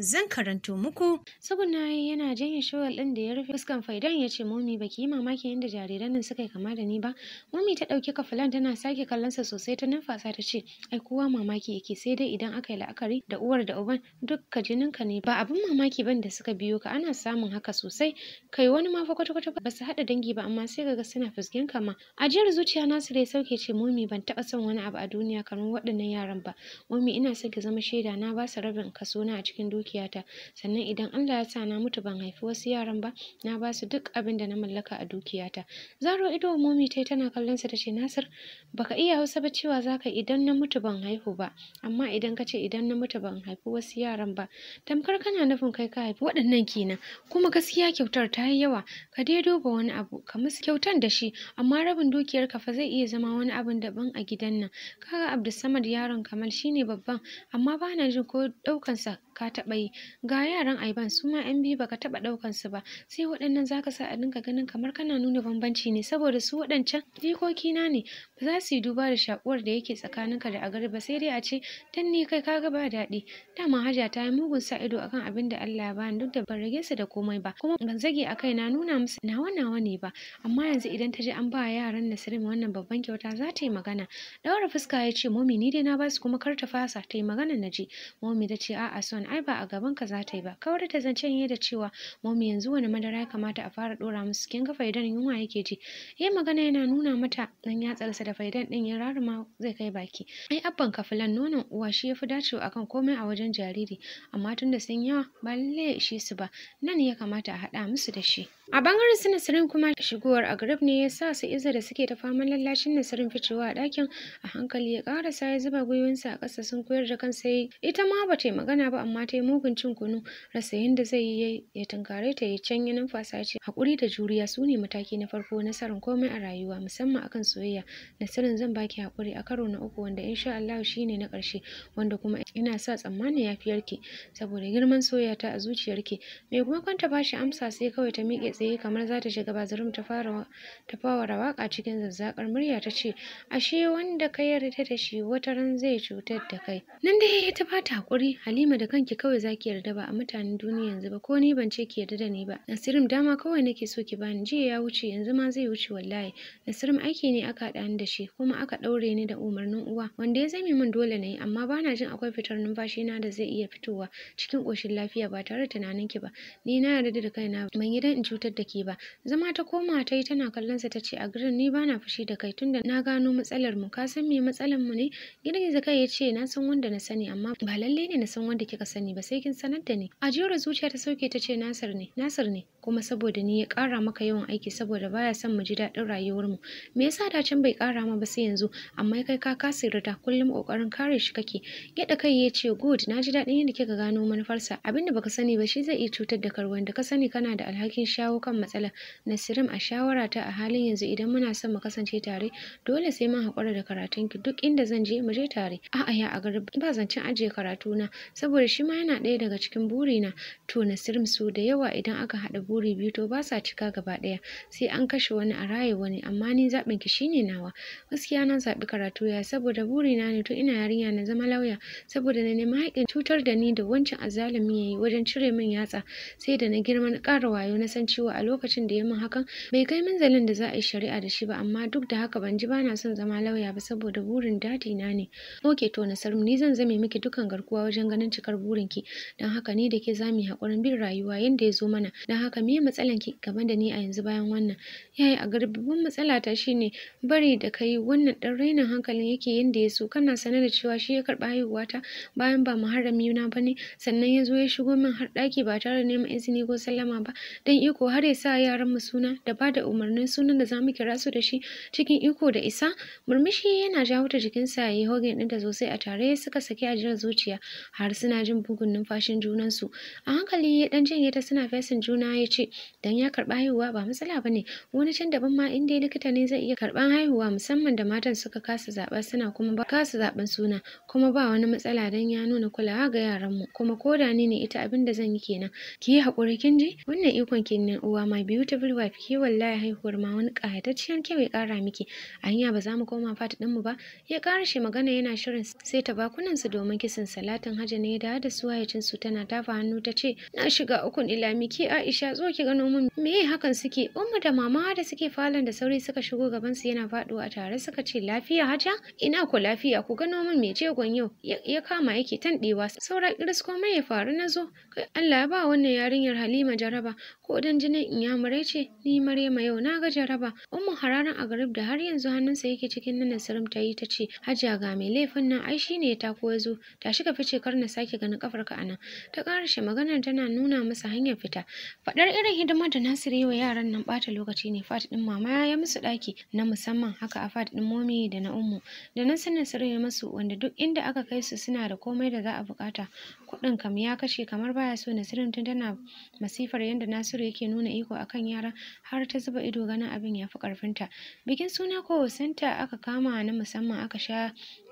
zan karanto muku. Saboda yana janye shawal ɗin da ya rufe fuskan faidan ya ce momi baki yi mamaki yadda jariran nan suka yi kama da ni ba. Momi ta ɗauki kafalan tana sake kallonsa sosai ta numfasa ta ce ai kowa mamaki yake sai dai idan aka yi la'akari da uwar da uban dukka jininka ne ba abin mamaki ban da suka biyo ka ana samun haka sosai kai wani ma fa kwata-kwata ba su haɗa dangi ba amma sai kaga suna fuskin kama. Ajiyar zuciya Nasiru ya sauke ce momi ban taɓa son wani abu a duniya kamar waɗannan yaran ba. Momi ina sake zama shaida na ba su rabin kaso na a cikin dukiyata sannan idan Allah ya sa na mutu ban haifi wasu yaran ba na ba su duk abin da na mallaka a dukiyata zaro ido momi tai tana kallon sa tace Nasir baka iya Hausa ba cewa zaka idan na mutu ban haihu ba amma idan ka ce idan na mutu ban haifi wasu yaran ba tamkar kana nufin kai ka haifi waɗannan kenan kuma gaskiya kyautar ta yi yawa ka dai duba wani abu ka musu kyautan da shi amma rabin dukiyar ka fa zai iya zama wani abin daban a gidan nan kaga abdul Abdulsamad yaron Kamal shine babban amma bana jin ko sa ka taba taɓa ga yaran aiban su ma yan biyu baka taɓa ɗaukan su ba sai waɗannan zaka sa a dinka ganin kamar kana nuna bambanci ne saboda su waɗancan jikoki na ne ba za su yi duba da shakuwar da yake tsakaninka da agari ba sai dai a ce dan ni kai kaga ba daɗi dama hajja ta yi mugun sa ido akan abin da Allah ya bani duk da ban rage su da komai ba kuma ban zage a kai na nuna musu nawa nawa ne ba amma yanzu idan ta je an ba yaran Nasirin wannan babban kyauta za ta yi magana daura fuska ya ce momi ni dai na ba su kuma kar ta fasa ta yi magana na ji momi ta ce a'a son ai ba a gaban za ta yi ba kawar da zancen ne da cewa mu yanzu wani madara ya kamata a fara dora musu cikin ga faidan yunwa yake ji eh magana yana nuna mata dan tsarsa da faidan din ya raruma zai kai baki ai abban ka filan nonon uwa shi ya fi dacewa akan komai a wajen jariri amma tunda sun yawa ba lalle ya ishe su ba nan ya kamata a hada musu da shi a bangaren Sinasirin kuma shigowar a grip ne ya sa su iza da suke ta faman lallashin nasirin ficewa a dakin a hankali ya ƙarasa ya zuba gwiwinsa a kasa sun koyar da kansa ita ma ba ta yi magana ba amma ta yi mugun cin kunu rasa yadda zai yi ya tunkare ta ya can ya numfasa ce haƙuri da juriya su ne mataki na farko na nasarar komai a rayuwa musamman akan soyayya na nasirin zan baki haƙuri a karo na uku wanda insha Allah ne na ƙarshe wanda kuma ina sa tsammanin yafiyarki saboda girman soyayya ta a zuciyarki me kuma kwanta ba shi amsa sai kawai ta miƙe tsaye kamar za ta shiga bazarum ta fara ta fara waƙa cikin zazzakar murya ta ce ashe wanda ka yarda da shi wata ran zai cutar da kai nan dai ta bata haƙuri Halima da kanki kawai za ki yarda ba a mutanen duniya yanzu ba ko ni ban ce ki yarda da ni ba nasirim dama kawai nake so ki bani jiya ya wuce yanzu ma zai wuce wallahi nasirim aiki ne aka haɗa ni da shi kuma aka ɗaure ni da umarnin uwa wanda ya zame min dole na yi amma bana jin akwai fitar numfashi na da zai iya fitowa cikin ƙoshin lafiya ba tare da tunanin ki ba ni na yarda da kaina ban yi dan in cutar da ke ba zama ta koma ta yi tana kallon sa ta ce a gurin ni bana fushi da kai tunda na gano matsalar mu ka san me matsalar mu ne girgiza kai ya ce na san wanda na sani amma ba lallai ne na san wanda kika sani ba sai sai kin sanar da ni a jiyar zuciya ta sauke ta ce nasir ne nasir ne kuma saboda ni ya ƙara maka yawan aiki saboda baya son mu ji daɗin mu me yasa da can bai ƙara ma ba sai yanzu amma kai ka kasa rida kullum ƙoƙarin kare shi kake yadda kai ya ce good na ji daɗin yadda kika gano manufarsa abinda baka sani ba shi zai iya cutar da karwan da ka sani kana da alhakin shawo kan matsalar nasirim a shawara ta a halin yanzu idan muna son mu kasance tare dole sai mun haƙura da karatunki duk inda zan je mu je tare a'a ya a garba ba zancen ajiye na saboda shi ma yana ɗaya daga cikin burina to sirim su da yawa idan aka haɗa buri biyu to ba sa cika gaba ɗaya sai an kashe wani a raye wani amma ni zaɓin ki shine nawa gaskiya na zaɓi karatu ya saboda burina ne tun ina yarinya na zama lauya saboda na nemi haƙƙin cutar da ni da wancan azzalumi ya yi wajen cire min yatsa sai da na girma na ƙara wayo na san cewa a lokacin da ya min hakan bai kai minzalin da za a yi shari'a da shi ba amma duk da haka ban ji bana son zama lauya ba saboda burin dadi na ne ok to nasarim ni zan zame miki dukan garkuwa wajen ganin cikar burinki dan haka ni da ke za mu yi haƙurin bin rayuwa yadda ya zo mana dan haka me matsalan ki game da ni a yanzu bayan wannan yayi a garbabin matsala ta shine bari da kai wannan dan rainin hankalin yake yadda ya so kana sanar da cewa shi ya karɓa ta. bayan ba muharrami na bane sannan ya zo ya shigo min har ɗaki ba tare da neman izini ko sallama ba don iko har ya sa yaran mu suna da ba da umarnin sunan da za mu kira su da shi cikin iko da isa murmushi yana jawo ta jikinsa ya yi hogin ɗinta sosai a tare suka saki ajiyar zuciya har suna jin bugun numfashin junansu a hankali ya dan janye ta suna fesin juna ya ce dan ya karba haihuwa ba matsala bane wani can daban ma in dai likita ne zai iya karban haihuwa musamman da matan suka kasa zaba suna kuma ba kasa zaben suna kuma ba wani matsala dan ya nuna kulawa ga yaran mu kuma koda ni ne ita abin da zan yi kenan ki yi hakuri kin ji wannan ikon ne uwa my beautiful wife ki wallahi haihuwar ma wani kayataccen kyau ya kara miki anya ba za mu koma fata mu ba ya ƙara shi magana yana shirin sai ta bakunansu domin kisan salatin hajji ne da da suwaye su tana dafa hannu ta ce na shiga ukun ilami ke aisha zo ki gano min me hakan suke umma da mama da suke falon da sauri suka shigo gaban su yana faduwa a tare suka ce lafiya haja ina ku lafiya ku gano min me jegon yau ya kama yake tandewa. saura kiris komai ya faru na zo kai allah ya ba wannan yarinyar halima jaraba ko dan jinin inyamurai ce ni Maryama yau na ga jaraba ummu hararan a garib da har yanzu hannunsa yake cikin na ta yi ta ce hajiya ga mai laifin nan ai shine ta koya yazo tashi ka fice kar na sake ganin kafarka anan ta karshe maganar tana nuna masa hanyar fita fadar irin hidimar da Nasiru yi wa yaran nan bata lokaci ne fat din mama ya musu daki na musamman haka a fat din momi da na ummu da nan sanin sirri masu wanda duk inda aka kai su suna da komai da za a bukata kuɗin kam ya kashe kamar baya so Nasirin tun tana masifar yadda Nasiru yake nuna iko akan yara har ta zuba ido ganin abin ya fi ƙarfinta. Bikin suna ko santa aka kama na musamman aka sha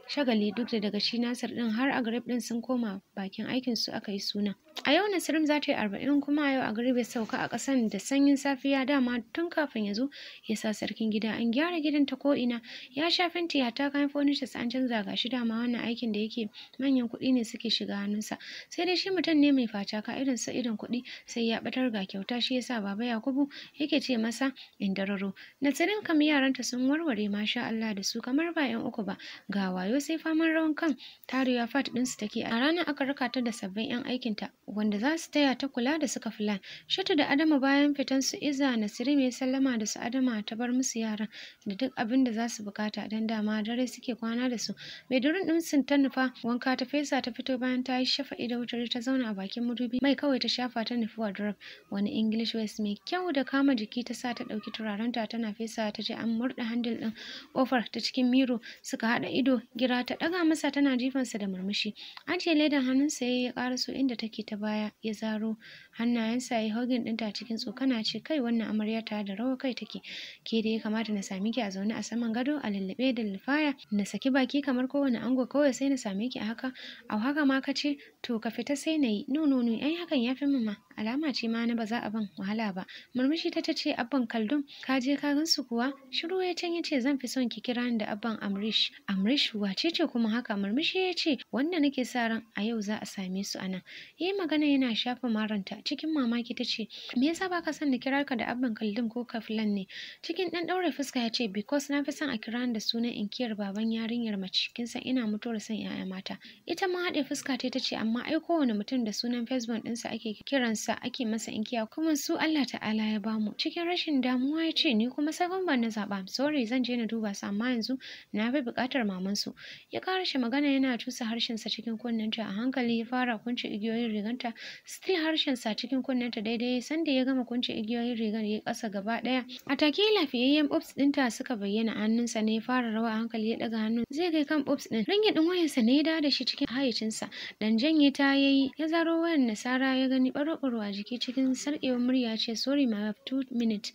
shagali duk da daga shi Nasir ɗin har a grep ɗin sun koma bakin aikinsu aka yi suna. A yau Nasirim za ta yi arba'in kuma a yau Agrib ya sauka a ƙasan da sanyin safiya dama tun kafin ya zo ya sa sarkin gida an gyara gidan ta ko'ina ya sha fenti ya ta kayan furnitures an canza ga shi dama wannan aikin da yake manyan kuɗi ne suke shiga hannunsa sai dai shi mutum ne mai ka irin sa irin kuɗi sai ya ɓatar ga kyauta shi yasa baba Yakubu yake ce masa in indararo Nasirim kam yaranta sun warware masha Allah da su kamar ba yan uku ba ga wayo sai faman rawan kan tarewa fat ɗinsu take a ranar aka raka ta da sabbin 'yan aikinta wanda za su taya ta kula da suka filan. Shatu da Adama bayan fitan su Iza Nasiru mai sallama da su Adama ta bar musu yaran da duk abin da za su bukata don dama dare suke kwana da su. Mai durin sun ta nufa wanka ta fesa ta fito bayan ta yi shafa ido wutar ta zauna a bakin madubi mai kawai ta shafa ta nufi wardrobe wani English West mai kyau da kama jiki ta sa ta ɗauki ta tana fesa ta je an murɗa handil ɗin ƙofar ta cikin miro suka haɗa ido gira ta ɗaga masa tana jifansa da murmushi. Ajiye ledan hannunsa ya yi ya ƙara so inda take ta baya ya zaro hannayensa ya hogin ɗinta cikin tsokana ce kai wannan amarya ta da rawa kai take ke da ya kamata na sami ki a zaune a saman gado a lullube da lufaya na saki baki kamar kowane ango kawai sai na same ki a haka a haka ma ka ce to ka fita sai na yi no ai hakan ya fi min ma alama ce ma na ba za a ban wahala ba murmushi ta ta ce abban kaldun ka je ka gansu kuwa shiru ya can ya ce zan fi son ki kira ni da abban amrish amrish wace ce kuma haka murmushi ya ce wanda nake sa ran a yau za a same su a nan yi magana yana shafa maranta cikin mamaki ta ce me yasa baka son na kira ka da abban kaldun ko kafilan ne cikin dan daure fuska ya ce because na fi son a kira ni da sunan inkiyar baban yarinyar mace kin san ina mutuwar son 'ya'ya mata ita ma haɗe fuska ta ce amma ai kowane mutum da sunan facebook ɗinsa ake kiransa sa ake masa inkiya kuma su Allah ta'ala ya bamu cikin rashin damuwa ya ce ni kuma sakon ban na zaba sorry zan je na duba su amma yanzu na bi buƙatar maman su ya karashe magana yana tusa sa cikin kunnenta a hankali ya fara kunce igiyoyin riganta still sa cikin kunnenta daidai sanda ya gama kunce igiyoyin rigar ya kasa gaba ɗaya a take lafiyayyen din ɗinta suka bayyana hannunsa ne ya fara rawa a hankali ya daga hannun zai kai kan ops ɗin ringe ɗin sa ne ya da shi cikin sa dan janye ta yayi ya zaro wayar nasara ya gani ɓaro sanarwa a jiki cikin sarƙewar murya ce sorry my love two minutes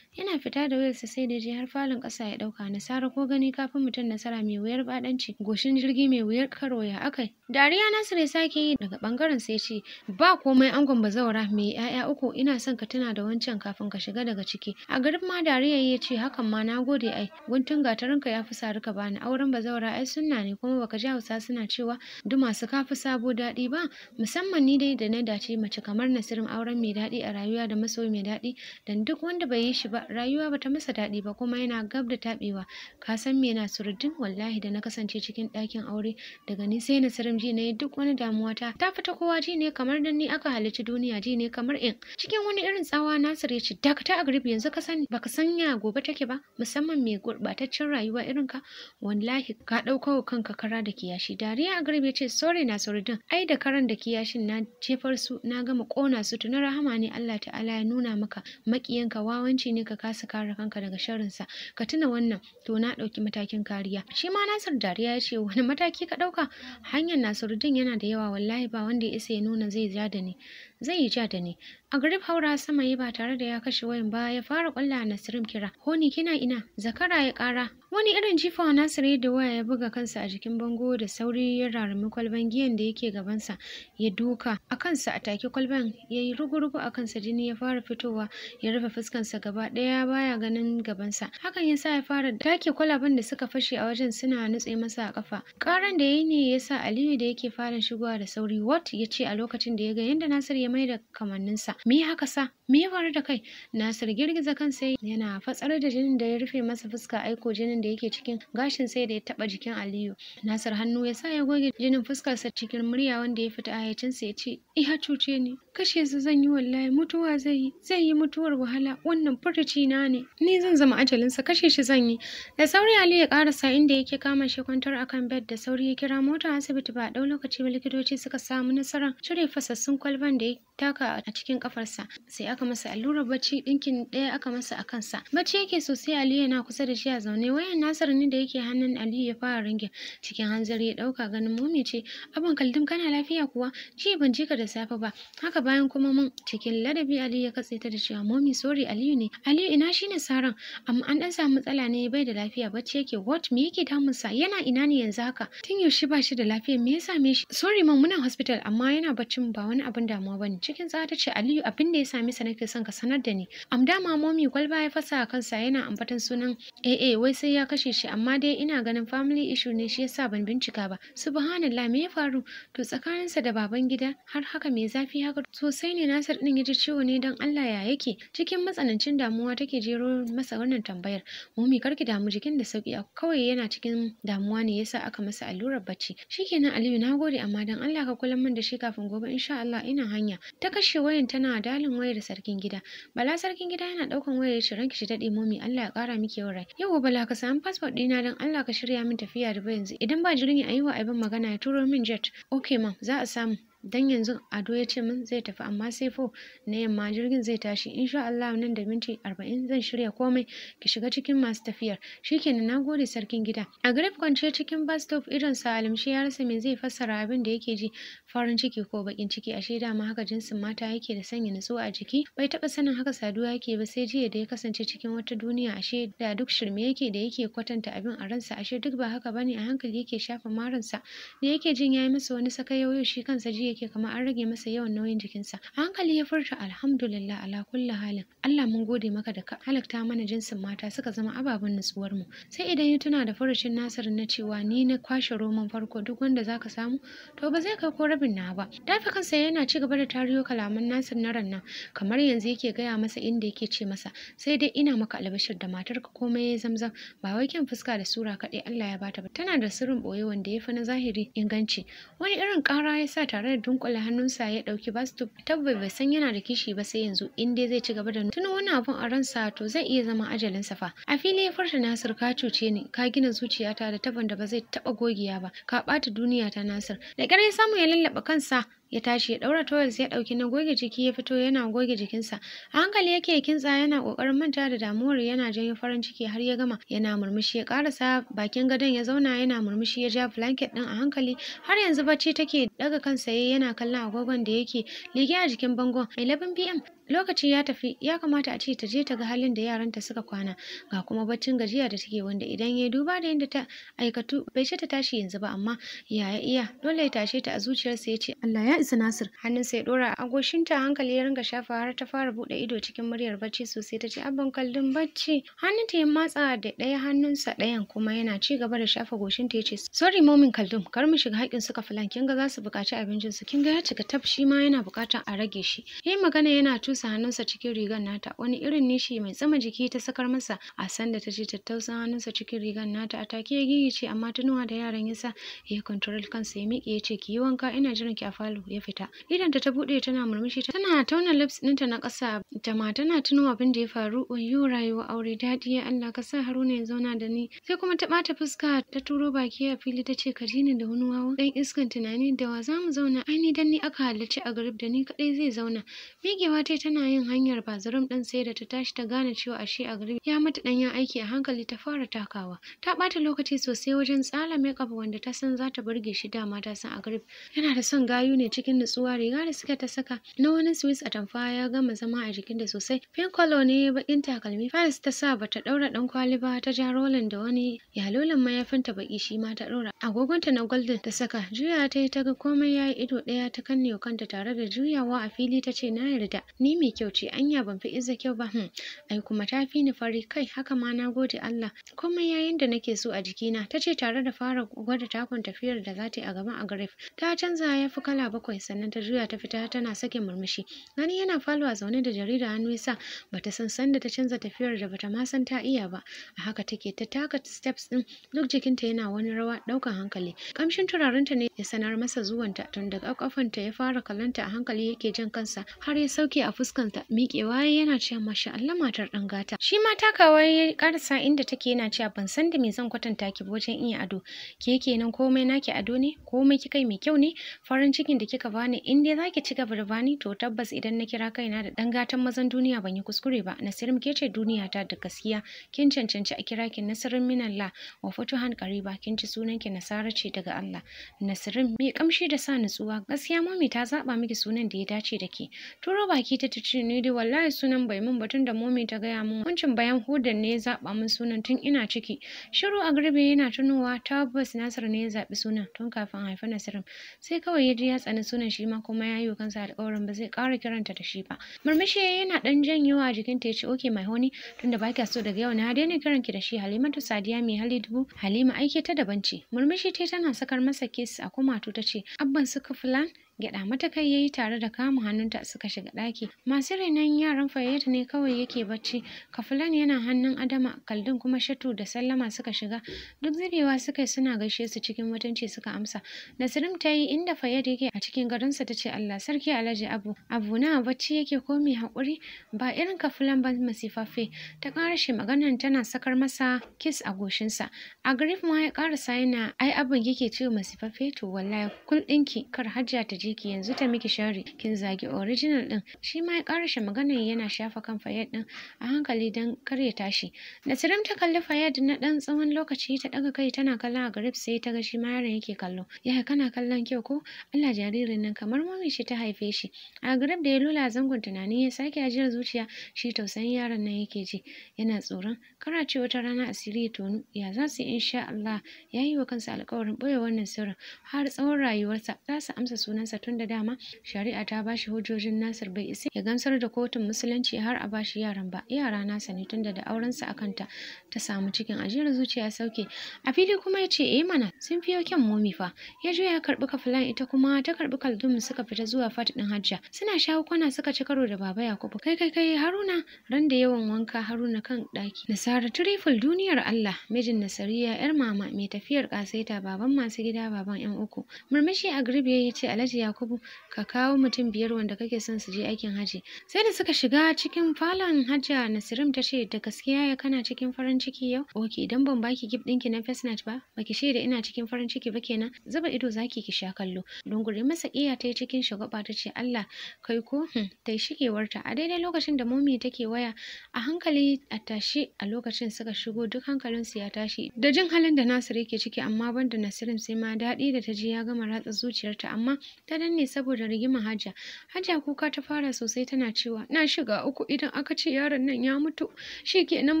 yana fita da wayarsa sai da je har falon ƙasa ya ɗauka nasara ko gani kafin mutum nasara mai wuyar baɗanci goshin jirgi mai wuyar karo ya akai Dariya Nasir ya sake yi daga bangaren sai ce ba komai angon zaura mai yaya uku ina son ka tuna da wancan kafin ka shiga daga ciki. A garin ma Dariya ya ce hakan ma na gode ai guntun gatarin ka ya fi sari ka bani auren zaura ai sunna ne kuma baka ji Hausa suna cewa duma su kafi sabo daɗi ba musamman ni dai da na dace mace kamar Nasirin auren mai daɗi a rayuwa da masoyi mai daɗi dan duk wanda bai yi shi ba rayuwa bata masa daɗi ba kuma yana gab da taɓewa ka san me na surdin wallahi da na kasance cikin ɗakin aure daga ni sai Nasirin kullum ji ne duk wani damuwa ta ta fita kowa ji ne kamar dan ni aka halici duniya ji ne kamar in cikin wani irin tsawa Nasir ya ce dakata a garibi yanzu ka sani baka sanya gobe take ba musamman mai gurbataccen rayuwa irin ka wallahi ka dauko kanka kara da kiyashi dariya a garibi ya ce sorry din ai da karan da kiyashin na jefar su na gama kona su tuna rahama ne Allah ta'ala ya nuna maka makiyanka wawanci ne ka kasa kare kanka daga sa ka tuna wannan to na dauki matakin kariya shi ma Nasir dariya ya ce wani mataki ka dauka hanyar Nasarudin yana da yawa wallahi ba wanda ya isa ya nuna zai ja da ni zai yi ja da ni a grip haura sama yi ba tare da ya kashe wayan ba ya fara kwalla Nasirim kira honi kina ina zakara ya kara wani irin jifa Nasiru yadda waya ya buga kansa a jikin bango da sauri ya rarumi kwalban giyan da yake gabansa ya duka a kansa a take kwalban ya yi rugu-rugu a kansa jini ya fara fitowa ya rufe fuskansa gaba ɗaya baya ganin gabansa hakan ya sa ya fara take kwalaban da suka fashe a wajen suna nutse masa a kafa karan da ya yi ne ya sa Aliyu da yake fara shigowa da sauri wat ya ce a lokacin da ya ga yadda Nasiru ya da kamanninsa me haka sa me ya faru da kai nasir girgiza kansa yana fatsar da jinin da ya rufe masa fuska aiko jinin da yake cikin gashin sai da ya taba jikin aliyu nasir hannu ya sa ya goge jinin fuskarsa cikin murya wanda ya fita hayacinsa ya ce iha cuce ni kashe su zan yi wallahi mutuwa zai yi zai yi mutuwar wahala wannan furuci na ne ni zan zama ajalinsa kashe shi zan yi da sauri ali ya karasa inda yake kama shi kwantar akan bed da sauri ya kira mota asibiti ba dau lokaci ba likitoci suka samu nasara, cire fasassun kwalban da ya taka a cikin kafarsa sai aka masa allurar bacci dinkin ɗaya aka masa a kansa bacci yake sosai ali yana kusa da shi a zaune wayan nasar ne da yake hannun ali ya fara ringe cikin hanzari ya ɗauka ganin Mumi ce abin kaldum kana lafiya kuwa ci ban ji ka da safe ba haka bayan kuma mun cikin ladabi Aliyu ya katse ta da cewa momi sorry Aliyu ne Aliyu ina shine saran amma an dan samu matsala ne bai da lafiya bacci yake what me yake damun sa yana ina ne yanzu haka tun yaushe ba shi da lafiya me ya same shi sorry mom muna hospital amma yana baccin ba wani abin damuwa bane cikin tsada ce Aliyu abin da ya same sa nake son ka sanar da ni am dama momi kwalba ya fasa kansa yana ambatan sunan AA wai sai ya kashe shi amma dai ina ganin family issue ne shi yasa ban bincika ba subhanallah me ya faru to tsakaninsa da baban gida har haka me zafi haka sosai ne Nasir din yaji ciwo ne don Allah ya yake cikin matsanancin damuwa take jero masa wannan tambayar mummy karki damu jikin da sauki a kawai yana cikin damuwa ne yasa aka masa allurar bacci shikenan Aliyu na gode amma don Allah ka kula min da shi kafin gobe insha Allah ina hanya ta kashe wayan tana dalin wayar sarkin gida Bala sarkin gida yana daukan wayar shi ranki shi dade mummy Allah ya kara miki yau rai yau Bala ka samu passport ɗina don Allah ka shirya min tafiya da yanzu idan ba jirgin ayi wa abin magana ya turo min jet okay ma za a samu dan yanzu ado ya ce min zai tafi amma sai fo na yamma jirgin zai tashi insha Allah nan da minti arba'in zan shirya komai ki shiga cikin masu tafiyar shikenan na gode sarkin gida a grip kwance cikin bus stop irin sa alimshi ya rasa me zai fassara abin da yake ji farin ciki ko bakin ciki ashe ma haka jinsin mata yake da sanya nutsuwa a jiki bai taba sanin haka saduwa yake ba sai jiya da ya kasance cikin wata duniya ashe da duk shirme yake da yake kwatanta abin a ransa ashe duk ba haka bane a hankali yake shafa maransa da yake jin yayi masa wani sakayoyi shi kansa jiya yake kamar an rage masa yawan nauyin jikinsa a hankali ya furta alhamdulillah ala kulli halin Allah mun gode maka da ka Halakta mana jinsin mata suka zama ababen nutsuwar mu sai idan ya tuna da furucin Nasir na cewa ni na kwashe roman farko duk wanda zaka samu to ba zai kai ko rabin na ba dafa kansa yana ci gaba da tariyo kalaman Nasir na ranna kamar yanzu yake gaya masa inda yake ce masa sai dai ina maka albashir da matar ka komai ya zamzam ba wai kyan fuska da sura kaɗai Allah ya bata ba tana da sirrin boye wanda ya fi na zahiri inganci wani irin ƙara ya sa tare da dunkule hannunsa ya ɗauki bastu tabbai bai san yana da kishi ba sai yanzu in dai zai ci gaba da Tuna wani abun a ransa to zai iya zama ajalinsa fa a fili ya furta Nasir ka cuce ni ka gina zuciyata da taban da ba zai taba gogiya ba ka ɓata duniyata Nasir da ƙyar ya samu ya lallaba kansa ya tashi ya ɗaura sai ya ɗauki na goge jiki ya fito yana goge jikinsa a hankali yake kintsa yana ƙoƙarin manta da damuwar yana janyo farin ciki har ya gama yana murmushi ya ƙarasa bakin gadon ya zauna yana murmushi ya ja blanket ɗin a hankali har yanzu bacci take daga kansa yayi yana kallon agogon da yake liƙe a jikin bangon 11 pm lokaci ya tafi ya kamata a ce ta je ta ga halin da yaranta suka kwana ga kuma baccin gajiya da take wanda idan ya duba da yadda ta aikatu bai ce ta tashi yanzu ba amma yaya iya dole ya tashe ta a zuciyarsa ya ce Allah ya isa Nasir hannun ya dora a goshinta hankali ya ringa shafa har ta fara bude ido cikin muryar bacci sosai ta ce abban kallon bacci Hannun ta ya matsa da ɗaya hannunsa ɗayan kuma yana ci gaba da shafa goshinta ya ce sorry momin kallon kar mu shiga haƙƙin suka filan kin ga za su buƙaci abincin su kin ga ya cika tab shi ma yana buƙatar a rage shi yayi magana yana tu cusa hannunsa cikin rigar nata wani irin nishi mai tsama jiki ta sakar masa a sanda ta ce tattausan hannunsa cikin rigar nata a take ya ce amma tunuwa da yaran yasa ya control kansa ya miƙe ya ce ki yi wanka ina jiran ki a falo ya fita idanta ta buɗe tana murmushi tana tauna lips ɗinta na ƙasa ta ma tana tuno abin da ya faru wayo rayuwa aure daɗi ya Allah ka sa Haruna ya zauna da ni sai kuma ta ɓata fuska ta turo baki a fili ta ce ka ji ni da wani wawa ɗan iskan tunani da wa za mu zauna ai ni dan ni aka halarci a garib da ni kaɗai zai zauna miƙewa ta tana yin hanyar bazarum ɗin sai da ta tashi ta gane cewa ashe a gari ya mata ɗanyen aiki a hankali ta fara takawa. Ta ɓata lokaci sosai wajen tsala makeup wanda ta san za ta burge shi dama ta san a gari yana da son gayu ne cikin nutsuwa riga da suka ta saka na wani Swiss a tamfa ya gama zama a jikin da sosai. Pink color ne bakin takalmi. Fans ta sa bata ɗaura dan kwali ba ta ja rolling da wani yalolin mayafinta baki shi ma ta ɗaura. Agogonta na golden ta saka juya ta yi ta ga komai yayi ido ɗaya ta kanne kanta tare da juyawa a fili ta ce na yarda ni mai kyau ce anya ban fi izza kyau ba hmm. ai kuma ta fi ni fari kai haka ma na gode Allah komai yayin da nake so a jikina ta ce tare da fara gwada takon tafiyar da za ta yi a gaban agrif ta canza ya fi kala bakwai sannan ta juya ta fita tana sake murmushi gani yana falwa zaune da jarida hannu yasa bata san sanda ta canza tafiyar da bata ma san ta iya ba a haka take ta taka steps din duk jikinta yana wani rawa daukan hankali kamshin turarenta ne ya sanar masa zuwanta tun daga kafanta ya fara kallonta a hankali yake jan kansa har ya sauke a fuska fuskanta miƙewa yana cewa masha Allah matar ɗan gata shi ma takawa ya ƙarasa inda take yana cewa ban san da me zan kwatanta ki wajen iya ado ke kenan komai naki ado ne komai kika mai kyau ne farin cikin da kika bani in dai zaki ci gaba da bani to tabbas idan na kira kaina da ɗan gatan mazan duniya ban yi kuskure ba Nasirim ke ce duniya ta da gaskiya kin cancanci a kira ki Nasirin minalla wa futuhan qariba kin ci sunan ki Nasara ce daga Allah Nasirin mai kamshi da sa nutsuwa gaskiya mami ta zaba miki sunan da ya dace da ke turo baki ta ta ni dai wallahi sunan bai mun batun da momi ta gaya mun Kuncin bayan hudan ne ya zaba min sunan tun ina ciki shiru a garbe yana tunowa tabbas nasir ne ya zabi sunan tun kafin haifi nasirin sai kawai ya ji ya tsani sunan shi ma kuma ya yi kansa alƙawarin ba zai ƙara kiranta da shi ba murmushi yana dan jikin jikinta ya ce okay my honey tunda baki so daga yau na daina kiran ki da shi halimatu sadiya mai hali dubu halima aike ta daban ce murmushi ta tana sakar masa kes a kumatu ta ce abban suka fulan Gyada mata kai ya tare da kama hannunta suka shiga daki. Masu renon yaran fayyata ne kawai yake bacci. Kafulan yana hannun Adama, Kaldun kuma Shatu da Sallama suka shiga. Duk zubewa suka yi suna gaishe su cikin mutunci suka amsa. Nasirim ta yi inda fayyata yake a cikin garinsa ta ce Allah sarki Alhaji Abu. Abu na bacci yake ko mai haƙuri ba irin kafulan ba masifaffe. Ta ƙara shi maganan tana sakar masa kis a goshinsa. A grif ma ya ƙarasa yana ai abin yake ce masifaffe to wallahi kul ɗinki kar hajja ta je ji ki yanzu ta miki sharri kin zagi original din shi ma ya karashe maganar yana shafa kan fayad din a hankali dan kar ya tashi nasirim ta kalli fayad na ɗan tsawon lokaci ta ɗaga kai tana kallon a garib sai ta ga shi ma yaron yake kallo yaya kana kallon kyau ko Allah jaririn nan kamar mami shi ta haife shi a garib da ya lula zangon tunani ya sake ajiyar zuciya shi tausayin yaron nan yake ji yana tsoron kara ce wata rana asiri ya tonu ya za su insha Allah ya yi wa kansa alkawarin boye wannan sirrin har tsawon rayuwarsa za su amsa sunansa nasa tunda dama shari'a ta bashi hujjojin Nasir bai isa ya gamsar da kotun musulunci har a bashi yaran ba yara nasa ne tunda da aurensa akan ta ta samu cikin ajiyar zuciya sauke a fili kuma ya ce eh mana sun fiyo kyan momi fa ya juya ya karbi kafilan ita kuma ta karbi mu suka fita zuwa fat din hajja suna shawo kwana suka ci karo da baba yakubu kai kai kai haruna ran da yawan wanka haruna kan daki nasara turiful duniyar allah mijin nasariya yar mama mai tafiyar kasaita baban masu gida baban yan uku murmushi a girbe ya ce alhaji Yakubu ka kawo mutum biyar wanda kake son su je aikin hajji. sai da suka shiga cikin falon hajja Nasirim ta ce da gaskiya ya kana cikin farin ciki yau oke idan ban baki gif ɗinki na fesnat ba baki shaida ina cikin farin ciki ba kenan zuba ido zaki ki sha kallo dungure masa iya ta yi cikin shagwaba ta ce Allah kai ko hmm, ta yi shigewarta a daidai lokacin da momi take waya a hankali a tashi a lokacin suka shigo duk hankalin su ya tashi da jin halin da Nasiru yake ciki amma banda Nasirin sai ma daɗi da ta ji ya gama ratsa zuciyarta amma ta kaɗan ne saboda rigimar hajja hajja kuka ta fara sosai tana cewa na shiga uku idan aka ce yaron nan ya mutu shi kenan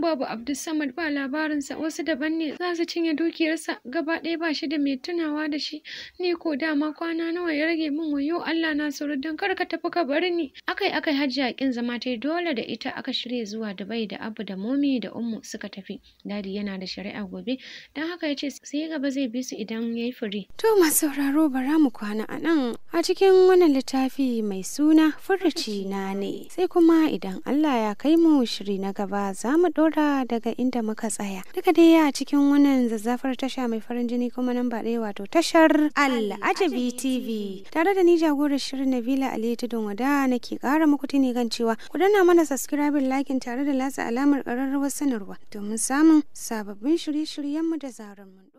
babu abdulsamad ba labarinsa wasu daban ne za su cinye dukiyarsa gaba ɗaya ba shi da mai tunawa da shi ni ko dama kwana nawa ya rage min wayo allah na saurin don kar ka tafi ka bari ni akai akai hajja kin zama ta dole da ita aka shirya zuwa dubai da abu da momi da ummu suka tafi dadi yana da shari'a gobe don haka ya ce sai gaba zai bi su idan ya yi fure to masu sauraro bara mu kwana a nan A cikin wannan littafi mai suna furuci na ne, sai kuma idan Allah ya kai mu shiri na gaba za mu ɗora daga inda muka tsaya. Duka dai a cikin wannan zazzafar tasha mai farin jini kuma nan ba ɗaya wato tashar Al'ajabi TV. Tare da ni jagorar shirin Nabila Ali Tudun Wada nake kara muku tuni kan cewa ku danna mana subscribing lakin tare da latsa alamar ƙararrawar sanarwa domin samun sababbin shirye-shiryenmu da zarar mun